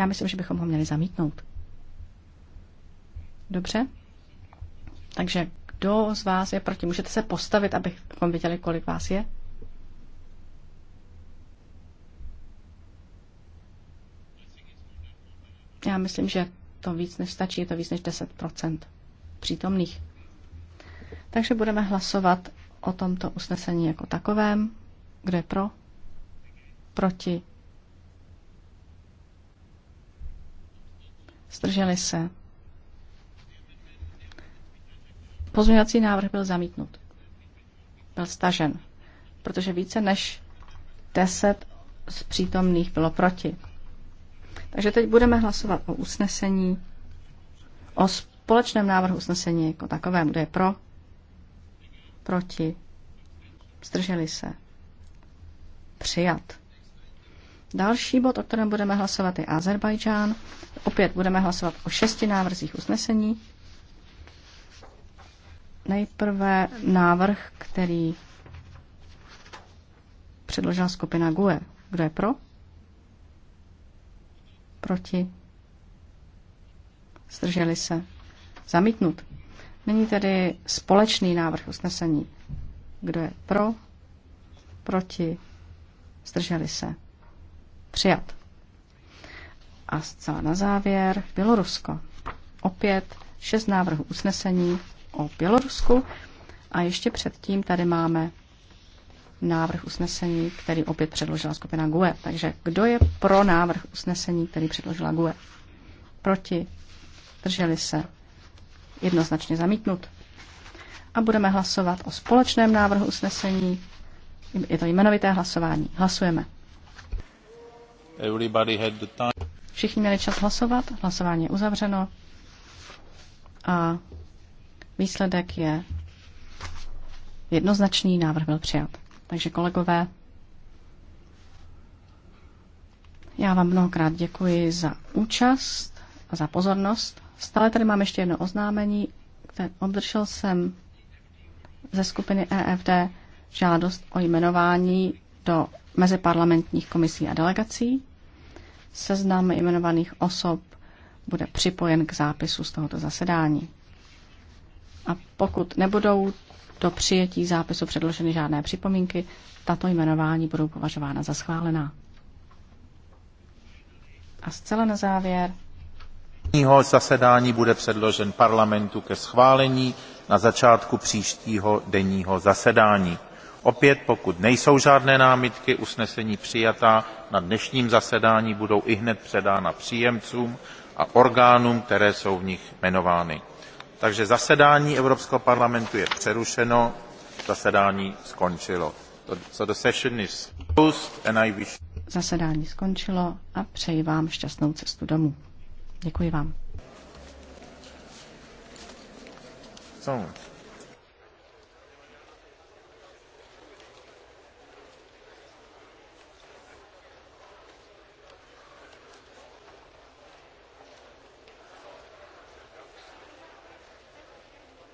Já myslím, že bychom ho měli zamítnout. Dobře? Takže kdo z vás je proti? Můžete se postavit, abychom věděli, kolik vás je? Já myslím, že to víc než stačí, je to víc než 10% přítomných. Takže budeme hlasovat o tomto usnesení jako takovém. Kdo je pro? Proti? Zdrželi se. Pozměňovací návrh byl zamítnut. Byl stažen, protože více než 10 z přítomných bylo proti. Takže teď budeme hlasovat o usnesení, o společném návrhu usnesení jako takovém, kde je pro, proti, zdrželi se, přijat. Další bod, o kterém budeme hlasovat, je Azerbajdžán. Opět budeme hlasovat o šesti návrzích usnesení. Nejprve návrh, který předložila skupina GUE. Kdo je pro? Proti? Zdrželi se? Zamítnut. Není tedy společný návrh usnesení. Kdo je pro? Proti? Zdrželi se? Přijat. A zcela na závěr Bělorusko. Opět šest návrhů usnesení o Bělorusku. A ještě předtím tady máme návrh usnesení, který opět předložila skupina GUE. Takže kdo je pro návrh usnesení, který předložila GUE? Proti? Drželi se? Jednoznačně zamítnut. A budeme hlasovat o společném návrhu usnesení. Je to jmenovité hlasování. Hlasujeme. Všichni měli čas hlasovat, hlasování je uzavřeno a výsledek je jednoznačný, návrh byl přijat. Takže kolegové, já vám mnohokrát děkuji za účast a za pozornost. Stále tady mám ještě jedno oznámení. Obdržel jsem ze skupiny EFD žádost o jmenování do meziparlamentních komisí a delegací. Seznam jmenovaných osob bude připojen k zápisu z tohoto zasedání. A pokud nebudou do přijetí zápisu předloženy žádné připomínky, tato jmenování budou považována za schválená. A zcela na závěr. Zasedání bude předložen parlamentu ke schválení na začátku příštího denního zasedání opět pokud nejsou žádné námitky usnesení přijatá na dnešním zasedání budou ihned předána příjemcům a orgánům které jsou v nich jmenovány. takže zasedání evropského parlamentu je přerušeno zasedání skončilo. So the session is closed and I wish... Zasedání skončilo a přeji vám šťastnou cestu domů. Děkuji vám. So.